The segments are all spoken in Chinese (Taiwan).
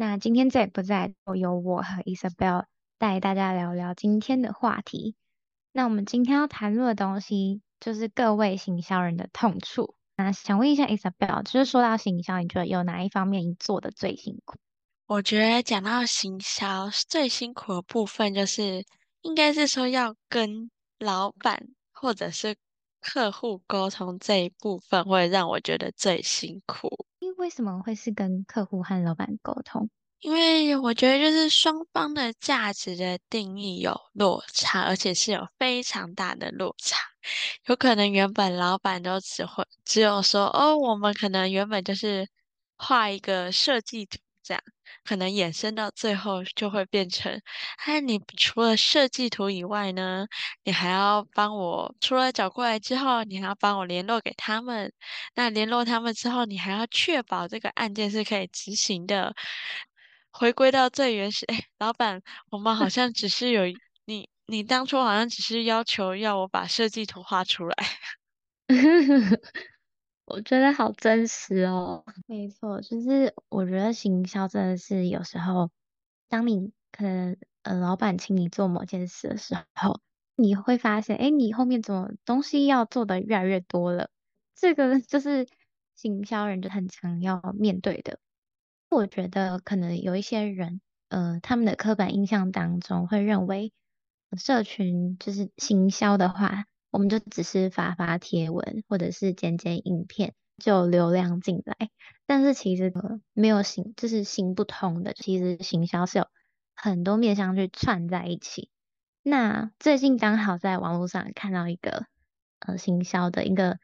那今天 Zack 不在，由我和 Isabel 帶大家聊聊今天的話題。那我們今天要談論的東西，就是各位行銷人的痛處。那想問一下 Isabel，就是說到行銷，你覺得有哪一方面你做的最辛苦？我覺得講到行銷最辛苦的部分，就是應該是說要跟老板或者是客戶溝通這一部分，會讓我覺得最辛苦。為什麼會是跟客戶和老板溝通？因為我覺得就是雙方的價值的定義有落差，而且是有非常大的落差。有可能原本老板都只會只有說：“哦，我們可能原本就是畫一個設計圖。”這樣可能衍生到最後就會變成，哎，你除了設計圖以外呢，你還要幫我，除了找過來之後，你還要幫我聯絡給他們。那聯絡他們之後，你還要確保這個案件是可以執行的。回歸到最原始，哎、欸，老闆，我們好像只是有 你，你當初好像只是要求要我把設計圖畫出來。 我覺得好真實哦，沒錯，就是我覺得行銷真的是有時候，當你可能呃老板請你做某件事的時候，你會發現，誒你後面怎麼東西要做的越來越多了？這個就是行銷人就很常要面對的。我覺得可能有一些人，呃，他們的刻板印象當中會認為，社群就是行銷的話。我們就只是發發貼文，或者是剪剪影片，就流量進來。但是其實沒有行，就是行不通的。其實行銷是有很多面向去串在一起。那最近剛好在網絡上看到一個呃行銷的一個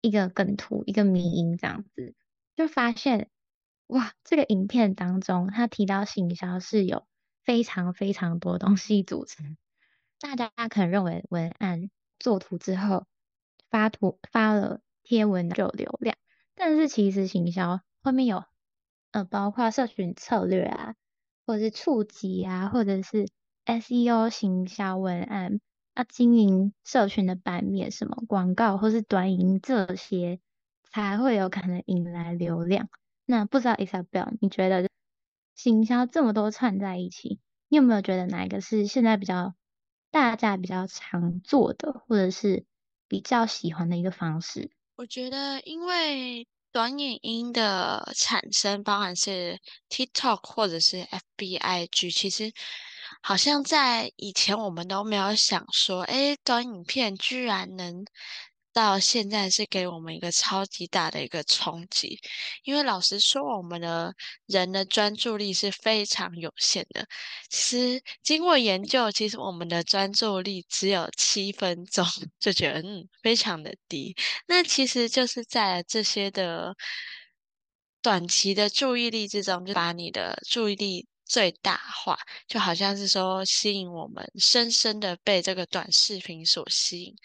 一個梗圖，一個迷因這樣子，就發現哇，這個影片當中他提到行銷是有非常非常多東西組成。大家可能認為文案、做圖之後發圖發了貼文就有流量，但是其實行銷後面有呃，包括社群策略啊，或者是觸及啊，或者是 SEO 行銷文案啊，經營社群的版面什麼廣告或是短影音這些，才會有可能引來流量。那不知道 Isabel，你覺得行銷這麼多串在一起，你有沒有覺得哪一個是現在比較？大家比較常做的，或者是比較喜歡的一個方式，我覺得，因為短影音的產生，包含是 TikTok 或者是 FBIG，其實好像在以前我們都沒有想說，誒，短影片居然能。到現在是給我們一個超級大的一個衝擊，因為老實說，我們的人的專注力是非常有限的。其實經過研究，其實我們的專注力只有七分鐘，就覺得嗯，非常的低。那其實就是在這些的短期的注意力之中，就把你的注意力最大化，就好像是說吸引我們深深的被這個短視頻所吸引。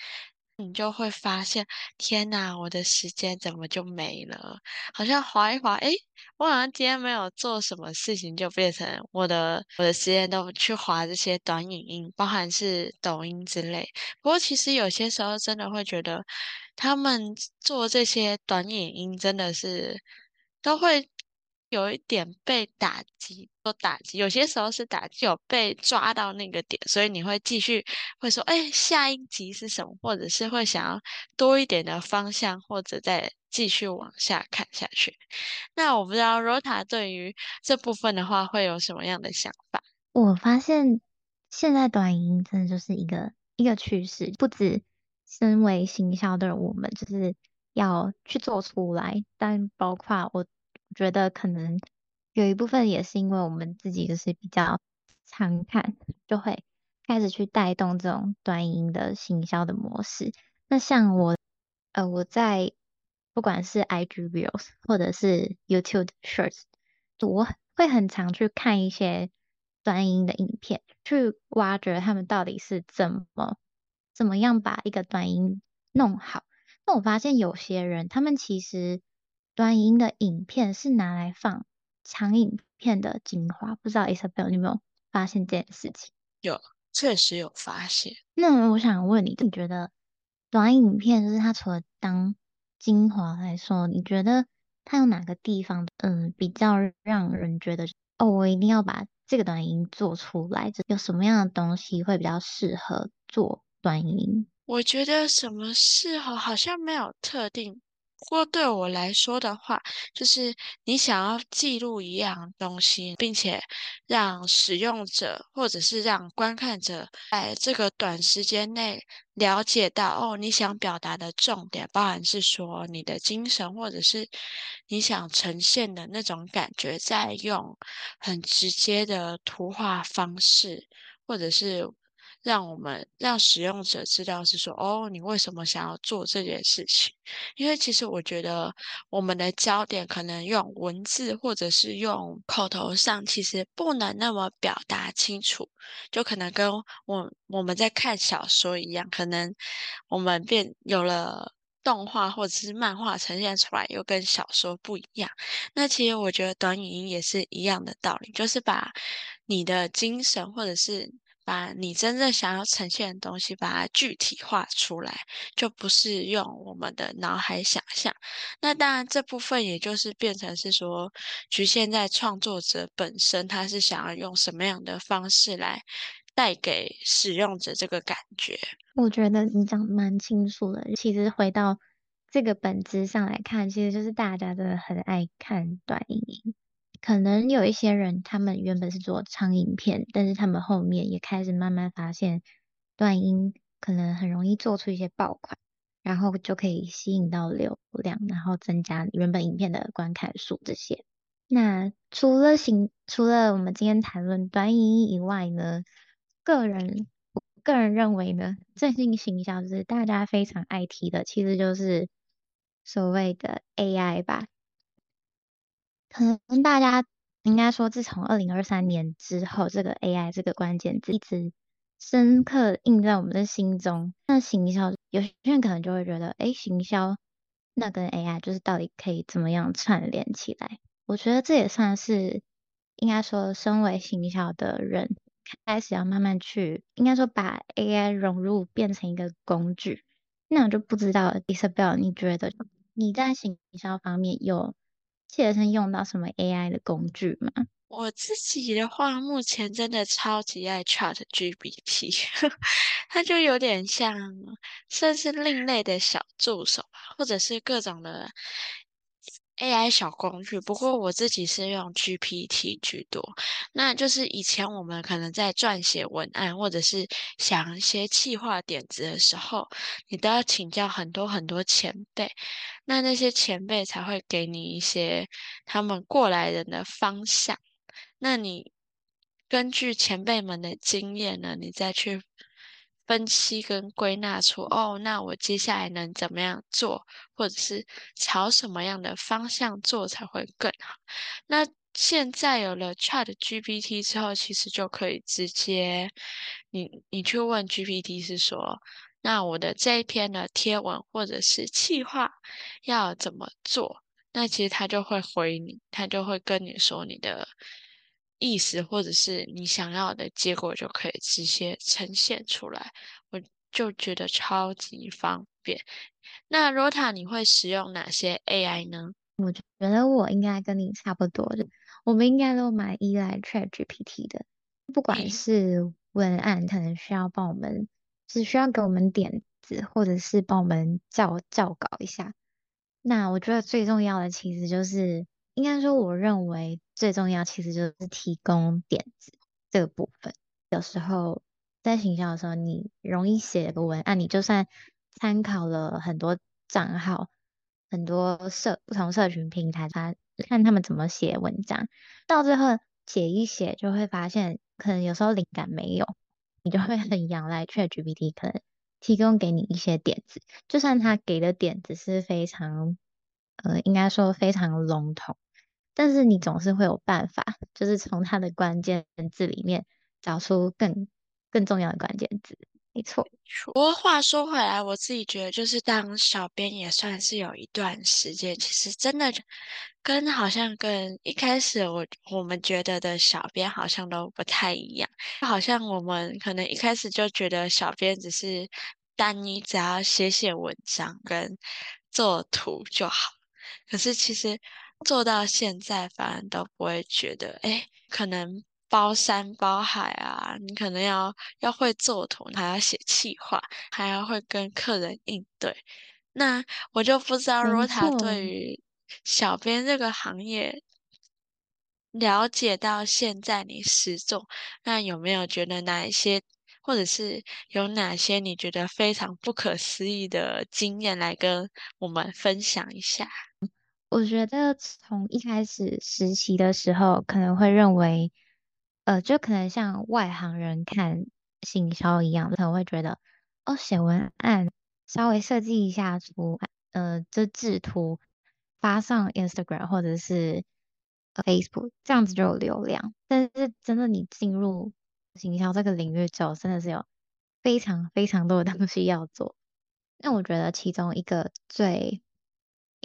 你就會發現，天吶，我的時間怎麼就沒了？好像滑一滑，誒、欸，我好像今天沒有做什麼事情，就變成我的我的時間都去滑這些短影音，包含是抖音之類。不過其實有些時候真的會覺得，他們做這些短影音真的是都會。有一點被打擊，都打擊。有些時候是打擊，有被抓到那個點，所以你會繼續會說：“哎，下一集是什麼？”或者是會想要多一點的方向，或者再繼續往下看下去。那我不知道 Rota 對於這部分的話會有什麼樣的想法？我發現現在短影音真的就是一個一個趨勢，不只身為行銷的人，我們就是要去做出來，但包括我。覺得可能有一部分也是因為我們自己就是比較常看，就會開始去帶動這種短音的行銷的模式。那像我，呃，我在不管是 IG Reels 或者是 YouTube shorts，我會很常去看一些短音的影片，去挖掘他們到底是怎麼怎麼樣把一個短音弄好。那我發現有些人，他們其實。短音的影片是拿來放長影片的精華，不知道 Isabel 你有沒有發現這件事情？有，確實有發現。那我想問你，你覺得短影片就是它除了當精華來說，你覺得它有哪個地方，嗯，比較讓人覺得哦，我一定要把這個短音做出來？就有什麼樣的東西會比較適合做短音？我覺得什麼適合，好像沒有特定。不過對我來說的話，就是你想要記錄一樣東西，並且讓使用者或者是讓觀看者在這個短時間內了解到哦，你想表達的重點，包含是說你的精神或者是你想呈現的那種感覺，在用很直接的圖畫方式，或者是。讓我們讓使用者知道是說，哦，你為什麼想要做這件事情？因為其實我覺得我們的焦點可能用文字或者是用口頭上，其實不能那麼表達清楚，就可能跟我們我們在看小說一樣，可能我們變有了動畫或者是漫畫呈現出來，又跟小說不一樣。那其實我覺得短影音也是一樣的道理，就是把你的精神或者是。把你真正想要呈現的東西，把它具體化出來，就不是用我們的腦海想象。那當然，這部分也就是變成是說，侷限在創作者本身，他是想要用什麼樣的方式來帶給使用者這個感覺。我覺得你講的蠻清楚的，其實回到這個本質上來看，其實就是大家真的很愛看短影音。可能有一些人，他們原本是做長影片，但是他們後面也開始慢慢發現，短影音可能很容易做出一些爆款，然後就可以吸引到流量，然後增加原本影片的觀看數這些。那除了行，除了我們今天談論短影音以外呢，個人個人認為呢，最近行銷就是大家非常愛提的，其實就是所謂的 AI 吧。可能大家應該說，自從二零二三年之後，這個 AI 這個關鍵字一直深刻印在我們的心中。那行銷有些人可能就會覺得，哎、欸，行銷那跟 AI 就是到底可以怎麼樣串聯起來？我覺得這也算是應該說，身為行銷的人開始要慢慢去，應該說把 AI 融入變成一個工具。那我就不知道 Isabel，你覺得你在行銷方面有？記得是用到什麼 AI 的工具嗎？我自己的話，目前真的超級愛 ChatGPT， 它就有點像算是另類的小助手吧，或者是各種的。AI 小工具，不過我自己是用 GPT 居多。那就是以前我們可能在撰寫文案或者是想一些企劃點子的時候，你都要請教很多很多前輩，那那些前輩才會給你一些他們過來人的方向。那你根據前輩們的經驗呢，你再去。分析跟歸納出哦，那我接下來能怎麼樣做，或者是朝什麼樣的方向做才會更好？那現在有了 Chat GPT 之後，其實就可以直接你你去問 GPT，是說那我的這一篇的貼文或者是企劃要怎麼做？那其實他就會回你，他就會跟你說你的。意思，或者是你想要的結果，就可以直接呈現出來，我就覺得超級方便。那羅塔，你會使用哪些 AI 呢？我覺得我應該跟你差不多的，嗯、我們應該都蠻依賴 ChatGPT 的。不管是文案，可能需要幫我們，只需要給我們點子，或者是幫我們校校稿一下。那我覺得最重要的其實就是。應該說，我認為最重要其實就是提供點子這個部分。有時候在行銷的時候，你容易寫個文案，你就算參考了很多賬號、很多社不同社群平台，他看他們怎麼寫文章，到最後寫一寫就會發現，可能有時候靈感沒有，你就會很仰賴 ChatGPT 可能提供給你一些點子，就算他給的點子是非常，呃，應該說非常籠統。但是你總是會有辦法，就是從它的關鍵字裡面找出更更重要的關鍵字。沒錯。不過話說回來，我自己覺得，就是當小編也算是有一段時間，其實真的跟好像跟一開始我我們覺得的小編好像都不太一樣。好像我們可能一開始就覺得小編只是單一，只要寫寫文章跟做圖就好。可是其實。做到現在，反正都不會覺得，哎、欸，可能包山包海啊，你可能要要會做圖，還要寫企劃，還要會跟客人應對。那我就不知道若塔對於小編這個行業，啊、了解到現在，你始終，那有沒有覺得哪一些，或者是有哪些你覺得非常不可思議的經驗來跟我們分享一下？我覺得從一開始實習的時候，可能會認為，呃，就可能像外行人看行銷一樣，可能會覺得，哦，寫文案，稍微設計一下圖，呃，這製圖，發上 Instagram 或者是 Facebook，這樣子就有流量。但是真的，你進入行銷這個領域之後，真的是有非常非常多的東西要做。那我覺得其中一個最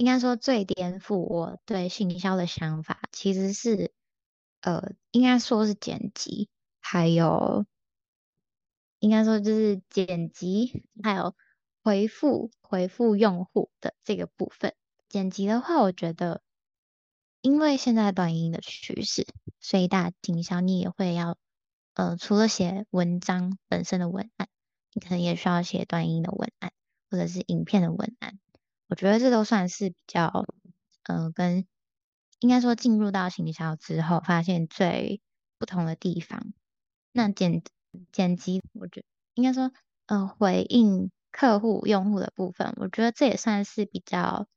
應該說最顛覆我對行銷的想法，其實是，呃，應該說是剪輯，還有，應該說就是剪輯還有回復回復用戶的這個部分。剪輯的話，我覺得，因為現在短影音的趨勢，所以大家經常你也會要，呃，除了寫文章本身的文案，你可能也需要寫短影音的文案或者是影片的文案。我覺得這都算是比較，嗯、呃，跟應該說進入到行銷之後，發現最不同的地方。那剪剪輯，我覺得應該說，呃，回應客戶用戶的部分，我覺得這也算是比較，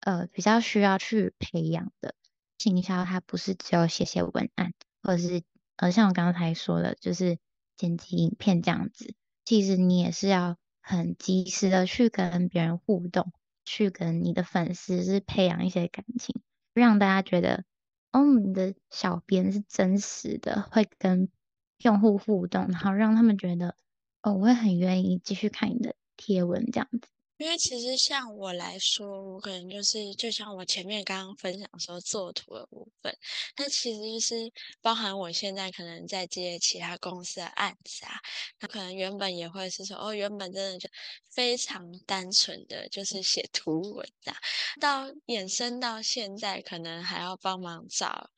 呃，比較需要去培養的。行銷它不是只有寫寫文案，或者是呃，像我剛才說的，就是剪輯影片這樣子。其實你也是要很及時的去跟別人互動。去跟你的粉絲是培養一些感情，讓大家覺得，哦，你的小編是真實的，會跟用戶互動，然後讓他們覺得，哦，我會很願意繼續看你的貼文這樣子。因為其實像我來說，我可能就是就像我前面剛剛分享說做圖的部分，那其實就是包含我現在可能在接其他公司的案子啊，那可能原本也會是說哦，原本真的就非常單純的就是寫圖文啊，到衍生到現在可能還要幫忙找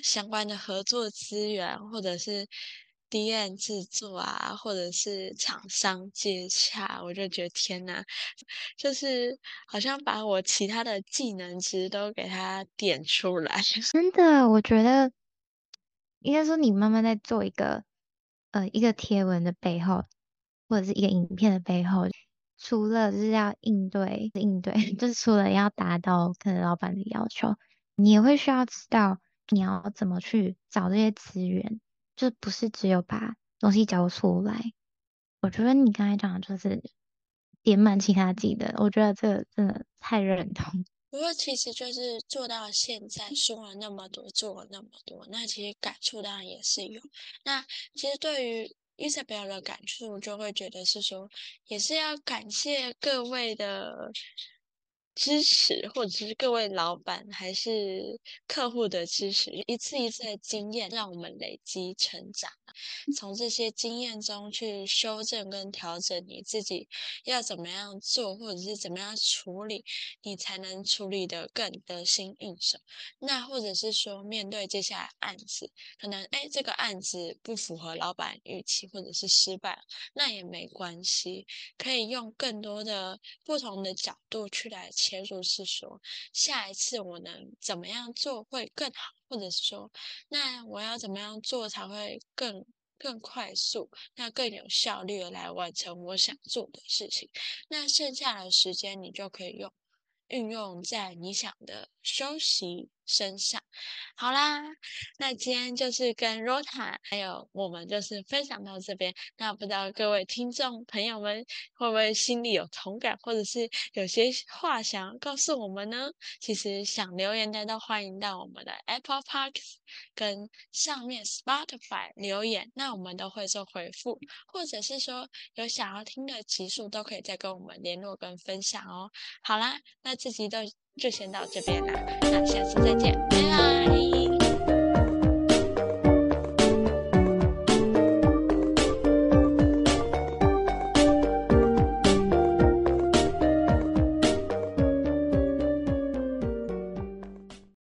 相關的合作資源，或者是。DM 製作啊，或者是廠商接洽，我就覺得天哪，就是好像把我其他的技能值都給他點出來。真的，我覺得應該說，你慢慢在做一個呃一個貼文的背後，或者是一個影片的背後，除了就是要應對應對，就是除了要達到可能老闆的要求，你也會需要知道你要怎麼去找這些資源。就不是只有把東西交出來，我覺得你剛才講的就是點滿其他記得，我覺得這個真的太認同。不過其實就是做到現在說了那麼多，做了那麼多，那其實感觸當然也是有。那其實對於伊莎貝爾的感觸，我就會覺得是說，也是要感謝各位的。支持或者是各位老闆還是客戶的支持，一次一次的經驗讓我們累積成長，從這些經驗中去修正跟調整你自己要怎麼樣做或者是怎麼樣處理，你才能處理得更得心應手。那或者是說面對接下來案子，可能哎這個案子不符合老闆預期或者是失敗，那也沒關係，可以用更多的不同的角度去來。前述是說，下一次我能怎麼樣做會更好，或者是說，那我要怎麼樣做才會更更快速，那更有效率的來完成我想做的事情？那剩下的時間你就可以用運用在你想的休息身上，好啦，那今天就是跟 Rota 還有我們就是分享到這邊。那不知道各位聽眾朋友們會不會心裡有同感，或者是有些話想要告訴我們呢？其實想留言的都歡迎到我們的 Apple Park 跟上面 Spotify 留言，那我們都會做回復，或者是說有想要聽的集數都可以再跟我們聯絡跟分享哦。好啦，那這集都。就先到這邊啦，那下次再見，拜拜。